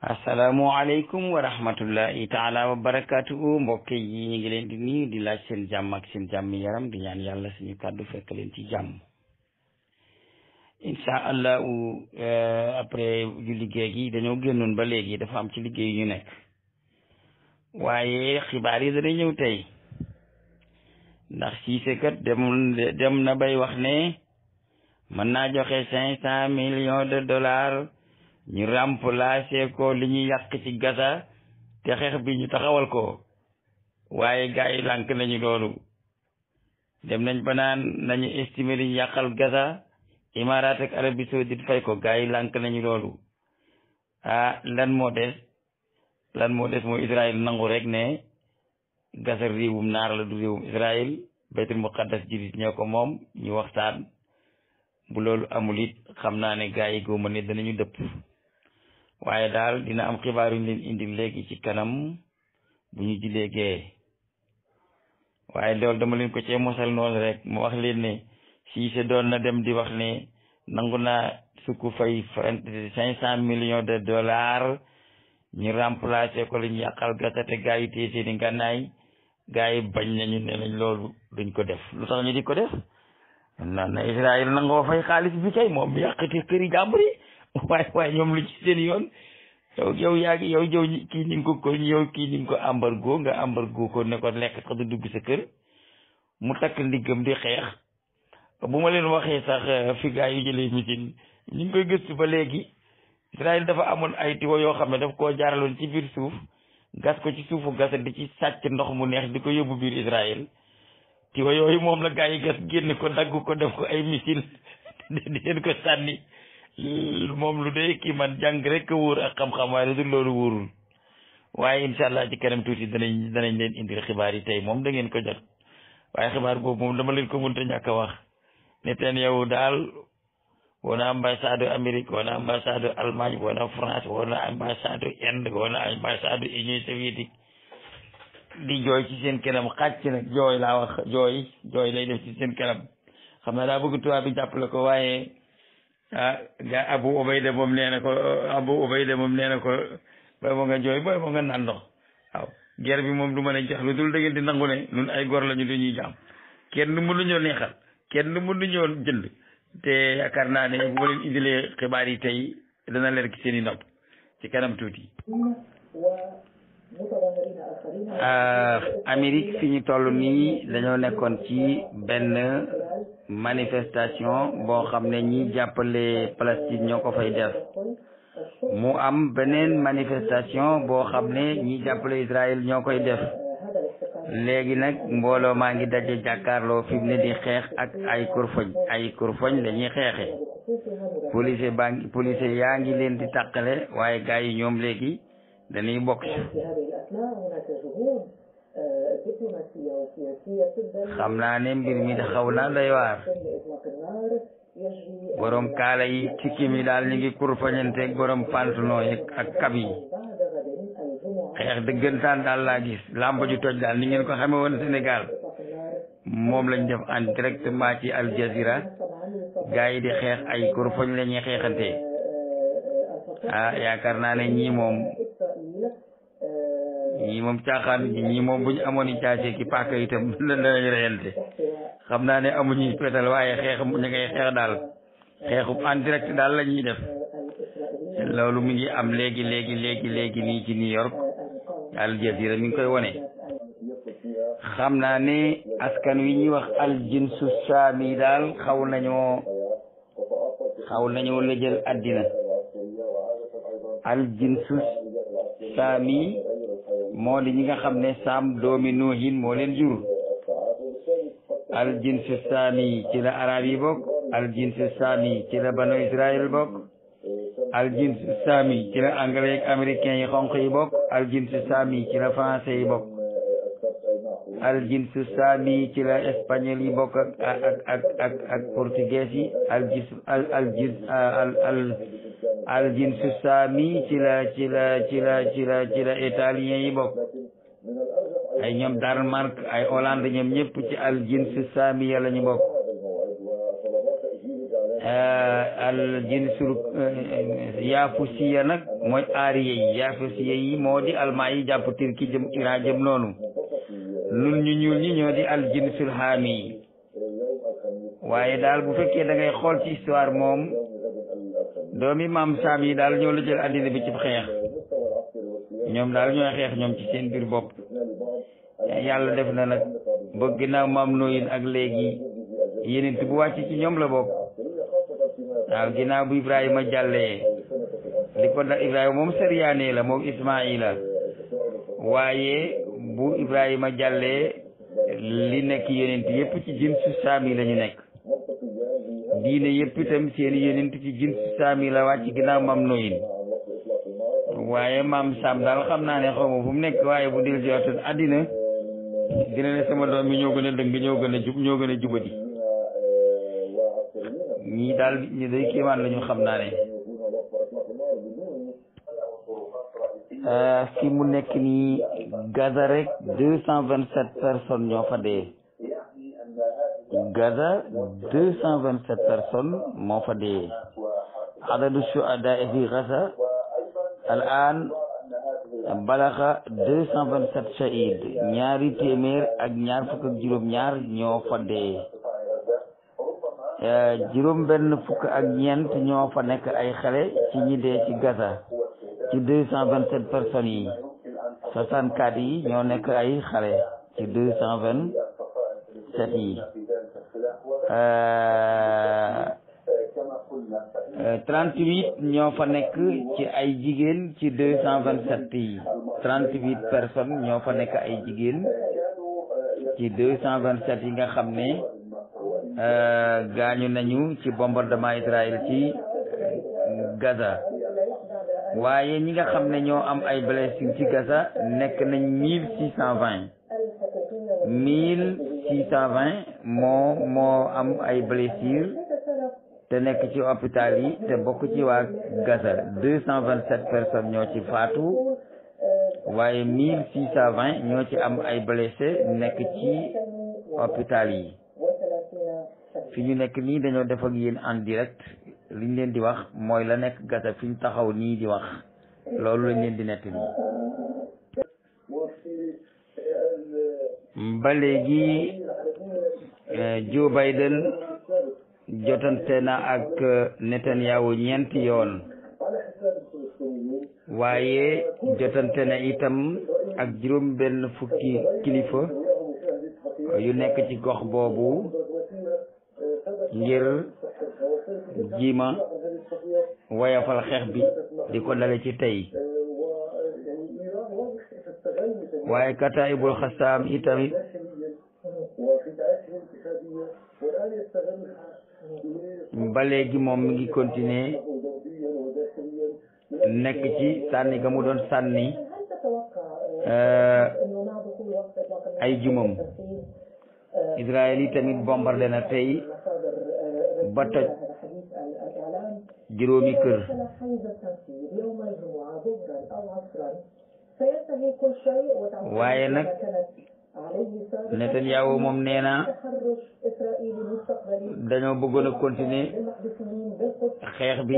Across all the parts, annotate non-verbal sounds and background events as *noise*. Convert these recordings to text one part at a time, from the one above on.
asalaamualeykum wa rahmatullahi taala wa barakaatuhu mbokk yi ñu ngi di laaj seen jàmm ak seen jàmm yaram di ñaan yàlla suñu kàddu fekk leen ci jàmm incha allahu euh, après ju liggéey gi dañoo génnoon ba léegi dafa am ci liggéey ñu nekk waaye xibaar yi dana ñëw tey ndax Cissé kat dem dem na bay wax ne mën naa joxe cinq cent millions de dollars ñu ràmp remplacer ko li ñu yàq ci Gaza te xeex bi ñu taxawal ko waaye gars yi lànk nañu loolu dem nañ ba naan nañu estimer li ñu yàqal Gaza Imaaraat ak Arabie Saoudite fay ko gars yi lànk nañu loolu ah lan moo des lan moo des mooy Israël nangu rek ne Gaza réewum naar la du réewum Israël baytul muqaddas jullit ñoo ko moom ñu waxtaan bu loolu amul it xam naa ne gars yi góoma ne danañu dëpp waaye daal dina am xibaar yuñ leen indi léegi ci kanam bu ñu jullee gee waaye loolu dama leen ko cee mosal noonu rek mu wax leen ne Cissé doon na dem di wax ne nangu na sukku fay cinq cent millions de dollars ñu remplacer ko li ñu yàqal gàttate gaa yi téye seeni ngànnaay gaa yi bañ nañu ne nañ loolu duñ ko def lu tax ñu di ko def naan na Israël nangoo fay xaalis bi kay moom yàqati këri jàmbur *laughs* waaye waaye ñoom lu ci seen yoon yow yow yaa ngi yow yow kii ni ko ko yow kii ni ko embargo nga embargo ko ne ko lekk sax du dugg sa kër mu takk ndiggam di xeex bu ma leen waxee sax euh, fi gaa yu jëlee ñu ngi koy gëstu ba léegi Israël dafa amoon ay tiwo yoo xam ne daf koo jaaraloon ci biir suuf gas ko ci suufu gas di ci sàcc ndox mu neex di ko yóbbu biir Israël tiwo yooyu moom la gaa yi gas génn ko dagg ko def ko ay misil *laughs* di leen ko sànni moom lu doy kii man jàng rek wóor ak xam-xam waaye lu dul loolu wóorul waaye incha ci kanam tuuti danañ danañ leen indil xibaar yi tey moom dangeen ngeen ko jot waaye xibaar boobu moom dama leen ko mënta ñàkk a wax Netanyahu daal wona ambassade Amérique wona ambassade Allemagne wona France wona ambassade Inde wona ambassade Union soviétique di jooy ci seen kanam xàcc nag jooy laa wax jooy jooy lay def ci seen kanam xam naa daa bëgg tubaab bi jàppale ko waaye ah ga abu obayda moom nee na ko abu obayda moom nee na ko booy boo nga jooy booy boo nga naan ndox waaw guerre bi moom du mën a jeex lu dul da di nangu ne nun ay gor lañu du ñuy jaam kenn mënuñoo neexal kenn mënuñoo jënd te yaakaar naa ne bu ma leen xibaar yi tey dana leer ci seen i nopp ci kanam tuuti. Euh, Amérique fi ñu toll nii dañoo nekkoon ci benn manifestation boo xam ne ñii jàppale Palestine ñoo ko fay def mu am beneen manifestation boo xam ne ñi jàppale Israël ñoo koy def léegi nag mbooloo maa ngi daje jàkkaarloo fi ne di xeex ak ay kurfoñ ay kurfoñ la ñuy xeexe police baa ngi police yaa ngi leen di tàqale waaye gars yi ñoom léegi dañuy bokk xam naa ne mbir mi da xaw naa doy waar borom kaala yi tikki mi daal ñu ngi kurfañante borom pantalon yi ak kab yi xeex dëggantaan daal laa gis làmb ju toj daal ni ngeen ko xamee woon Sénégal moom lañ def en directement ci Al Jazeera gars yi di xeex ay kurfañ la xeexante yaakaar naa ne ñii moom Euh, ñii moom caaxaan ñii moom bu ñu amoon i caase ki paaka itam danañ reyante xam naa ne amuñu fetal waaye xeex ñu ngay xeex daal xeexub en direct daal lañuy def loolu mu ngi am léegi léegi léegi léegi nii ci New York Al Jazeera mi ngi koy wone xam naa ne askan wi ñuy wax aljinsu saami daal xaw nañoo xaw nañoo la saam yi moo di ñi nga xam ne saam doomi nuuhin moo leen jur al jinsu saami ci la arab yi bokk al jinsu saami ci la banu israel yi xonq yi bokk al jinsu saami ci la français yi bokk al jinsu saami ci la espagnol yi bokk ak ak yi al jinsu aljinsu saami ci la ci la ci la ci la ci la italien yi bokk ay ñoom Danemark ay Hollande ñoom ñëpp ci aljinsu saami yàlla lañu bokk eh, aljinsul eh, yaafusiya nag mooy aariye yi yaafusiya yi moo di almaa yi jàpp turki jëm Iran jëm noonu nun ñu ñuul ñi ñoo di aljinsul haami yi waaye daal bu fekkee da xool ci histoire moom doomi maam saam yi daal ñoo la jël àddina bi ci xeex ñoom daal ñooy xeex ñoom ci seen biir bopp yàlla def na nag ba ginnaaw maam nooyin ak léegi yeneen bu wàcc ci ñoom la bokk waaw ginnaaw bu Ibrahima jàllee li ko da Ibrahima moom sariyaane la moom Ismaila waaye bu Ibrahima jàllee li nekk yeneen yépp ci jinsu saam yi la ñu nekk diine yëpp itam seen yonent ci jins saami la wàcc ginnaaw maam noyin waaye maam Sam daal xam naa ne xaw ma fu mu nekk waaye bu del siwaatoon àddina dina ne sama doom bi ñoo gën a dëng ñoo a jub ñoo gën a jubadi ñii daal ñu day kéemaan la ñu xam naa ne ah, fi mu nekk nii Gaza rek deux cent vingt sept personnes ñoo fa dee Gaza deux cent vingt sept personnes moo fa dee adadu shuhada fi Gaza al an deux cent vingt sept shahid ñaari téeméer ak ñaar fukk ak juróom-ñaar ñoo fa dee euh, juróom benn fukk ak ñeent ñoo fa nekk ay xale ci ñi dee ci Gaza ci deux cent vingt sept personnes yi soixante quatre yi ñoo nekk ay xale ci deux cent vingt sept yi Euh, trente huit ñoo fa nekk ci ay jigéen ci deux cent vingt sept yi trente huit personnes ñoo fa nekk ay jigéen ci deux cent vingt sept yi nga xam ne euh, gaañu nañu ci bombardement Israël ci euh, Gaza waaye ñi nga xam ne ñoo am ay blessés ci Gaza nekk nañ mille six cent vingt mille six cent vingt moo moo am ay blessures te nekk ci hôpital yi te bokk ci waa Gaza deux cent vingt sept personnes ñoo ci faatu waaye mille six cent vingt ñoo ci am ay blessés nekk ci hôpital yi fi ñu nekk nii dañoo def ak yéen en direct li ñu leen di wax mooy la nekk Gaza fi ñu taxaw nii di wax loolu lañ leen di nett nii ba léegi eh, Joe Biden jotante na ak eh, Netanyahu ñeenti yoon waaye jotante na itam ak juróom benn fukki kilifa yu nekk ci gox boobu ngir jiima wayafal xeex bi di ko dale ci tey waaye kataibul xastaam itamit ba léegi moom mi ngi continuer nekk ci sànni ga mu doon sànni euh, ay jumam Israël yi tamit bombardé na tey ba toj juróomi kër waaye nag Netanyahu moom nee na dañoo bëggoon a continuer xeex bi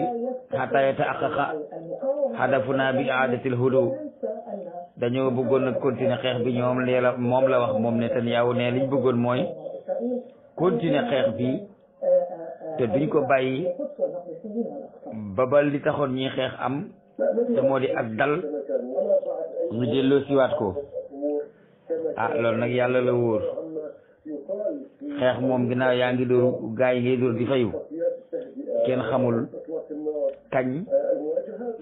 xataa yataxaqa hadafuna bi aadatil hudu dañoo bëggoon a continuer xeex bi ñoom leela moom la wax moom Netanyahu ne liñ bëggoon mooy continuer xeex bi te duñ ko bàyyi babal li taxoon ñuy xeex am te moo di ak dal ñu delloo siwaat ko ah loolu nag yàlla la wóor xeex moom ginnaaw yaa ngi dóor gaa yi ngay dóor di fayu kenn xamul kañ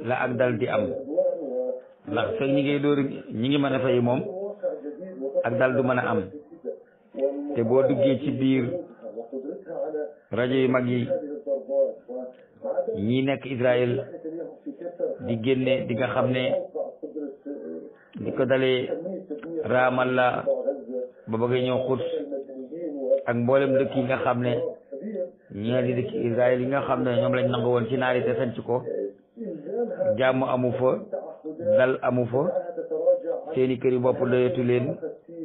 la ak dal di am ndax fekk ñi ngay dóor ñi ngi mën a fayu moom ak dal du mën a am te boo duggee ci biir rajo yu mag yi ñi nekk Israël di génne di xam ne li ko dalee la ba bëgg ñëw xut ak mboolem dëkk yi nga xam ne ñaari dëkk Israël yi nga xam ne ñoom lañ nangu woon ci naari te sanc ko jàmm amu fa dal amu fa seeni kër yi bopp doyatu leen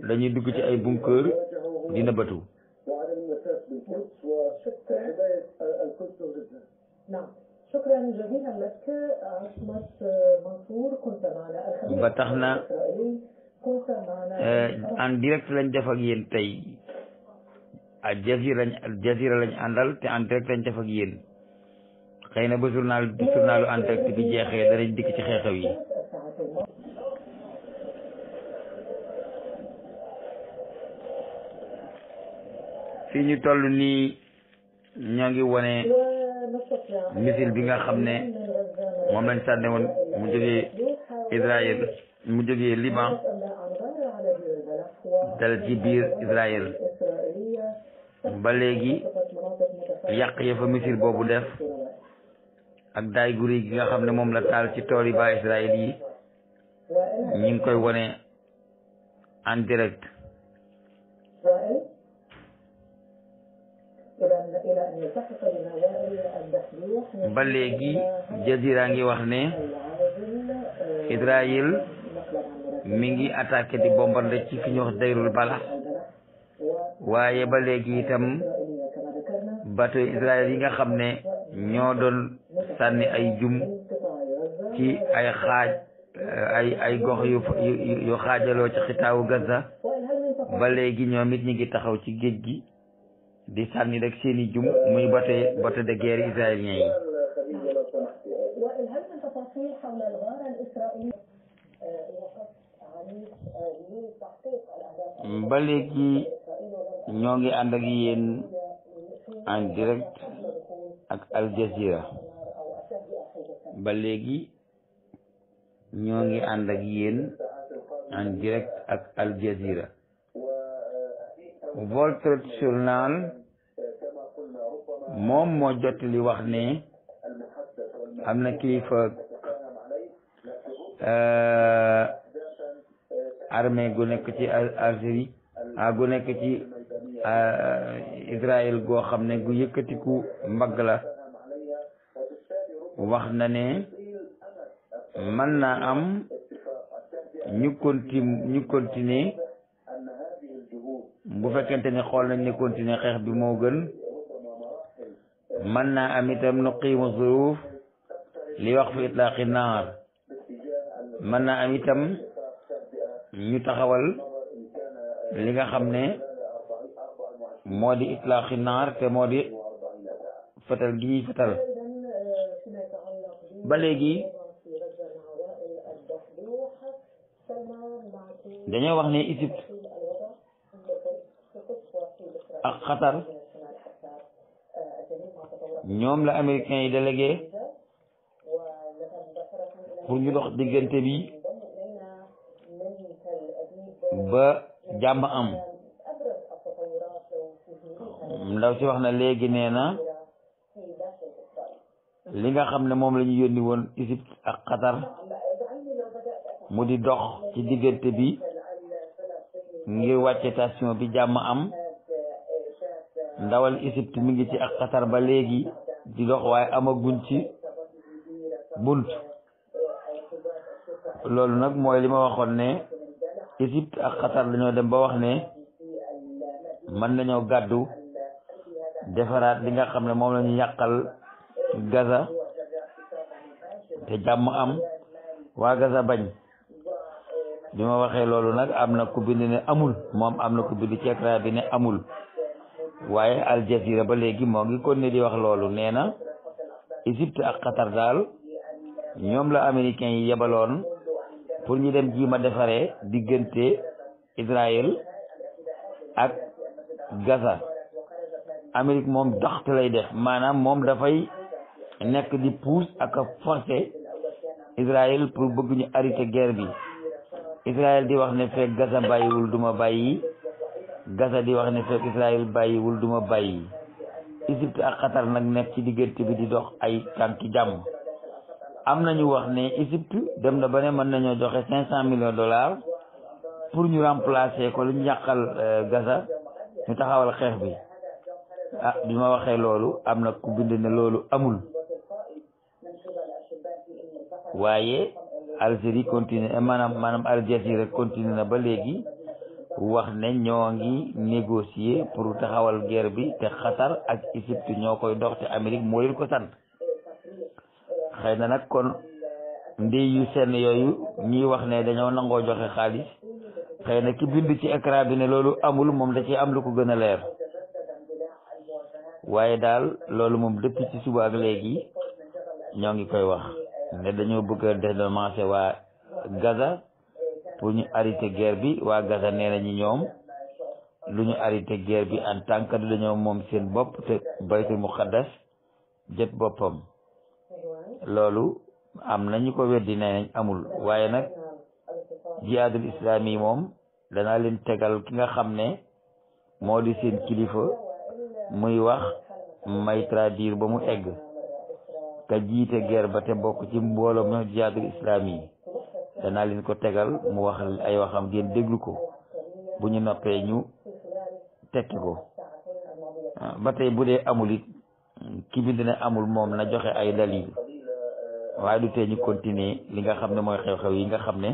dañuy dugg ci ay bunker dina batu ba tax na eh, en direct lañ def ak yéen tey ak Jazeera lañ Al Jazeera lañ àndal te en direct lañ def ak yéen xëy na ba journal journalu en direct bi jeexee danañ dikk ci xeexew yi. fii ñu toll nii ñoo ngi wone missile bi nga xam ne moom lañ sànne mu jógee. Israël mu jógee Liban dal ci biir Israël ba léegi yàq ya fa misir boobu def ak daay guri gi nga xam ne moom la taal ci tool yi ba Israël yi ñu ngi koy wone en direct ba léegi jazira ngi wax ne Israël mi ngi attaqué di bombardé ci fi ñuy Deyrul Bala waaye ba léegi itam bateau Israël yi nga xam ne ñoo doon sànni ay jum ci ay xaaj ay ay gox yu xaajaloo ci xitaawu Gaza ba léegi ñoom it ñu ngi taxaw ci géej gi di sànni rek seeni jum muy bateau bateau de guerre israélien yi ba léegi ñoo ngi ànd ak yéen en direct ak Al ba léegi ñoo ngi ànd ak yéen en direct ak Al Jazeera votre journal moom moo jot li wax ne am na kilifa euh, armée gu nekk ci Algérie a ah, gu nekk ci ah, Israël goo xam ne gu yëkkatiku mbagg la wax na ne mën naa am ñu conti bu fekkente ni xool nañ ne continuer xeex bi moo gën mën naa am itam nu qiima zuruuf li wax fi itlaaqi naar mën naa am itam ñu taxawal li nga xam ne moo di itlaaxi naar te moo di fetal gi ñuy fetal ba léegi wax ne Égypte ak Qatar ñoom la américains yi délégué pour ñu dox diggante bi ba jàmm am ndaw ci wax na léegi nee na li nga xam ne moom la ñu yónni woon Égypte ak Qatar mu di dox ci diggante bi ngir wàcce station bi jàmm am ndawal Égypte mi ngi ci ak Qatar ba léegi di dox waaye amaguñ ci bunt loolu nag mooy li ma waxoon ne Égypte ak Qatar dañoo dem ba wax ne mën nañoo gàddu defaraat li nga xam ne moom la ñu yàqal Gaza te jàmm am waa Gaza bañ bi ma waxee loolu nag am na ku bind ne amul moom am na ku bind ci bi ne amul waaye Al Jazeera ba léegi moo ngi kon ne di wax loolu nee na Égypte ak Qatar daal ñoom la americain yi yebaloon pour ñu dem ma defaree diggante Israël ak gasa Amérique moom doxte lay def maanaam moom dafay nekk di pousse ak a forcer Israël pour bëgg ñu arrêter bi Israël di wax ne fekk Gaza bàyyiwul duma bàyyi Gaza di wax ne fekk Israël bàyyiwul duma bàyyi Égypte ak Qatar nag nekk ci diggante bi di dox ay tànki jàmm am na ñu wax ne Égypte dem na ba ne mën nañoo joxe cinq cent millions dollars pour ñu remplacer ko lu ñu yàqal euh, Gaza ñu taxawal xeex bi ah bi ma waxee loolu am na ku bind ne loolu amul waaye Algérie continue eh, maanaam maanaam Al Jazeera continue na ba léegi wax ne ñoo ngi négocier pour taxawal guerre bi te Qatar ak Égypte ñoo koy dox te Amérique moo leen ko sant xëy na nag kon ndey yu seen yooyu ñuy wax ne dañoo nangoo joxe xaalis xëy na ki bind ci écran bi ne loolu amul moom da ci am lu ko gën a leer waaye daal loolu moom depuis ci suba ak léegi ñoo ngi koy wax ne dañoo bëgg a dédommager waa Gaza pour ñu arrêter guerre bi waa Gaza nee nañu ñoom lu ñu arrêter guerre bi en tant que dañoo moom seen bopp te baytul muqaddas jot boppam loolu am nañu ko weddi nañ amul waaye nag jihaadul islaami yi moom danaa leen tegal ki nga xam ne moo di seen kilifa muy wax may traduire ba mu egg ka jiite guerre ba te bokk ci mbooloo mi jihaadul islaami yi danaa leen ko tegal mu wax ay waxam ngeen déglu ko bu ñu noppee ñu tekki ko ba tey bu dee amul it ki bi dina amul moom na joxe ay dalil waaye du tee ñu continuer li nga xam ne mooy xew-xew yi nga xam ne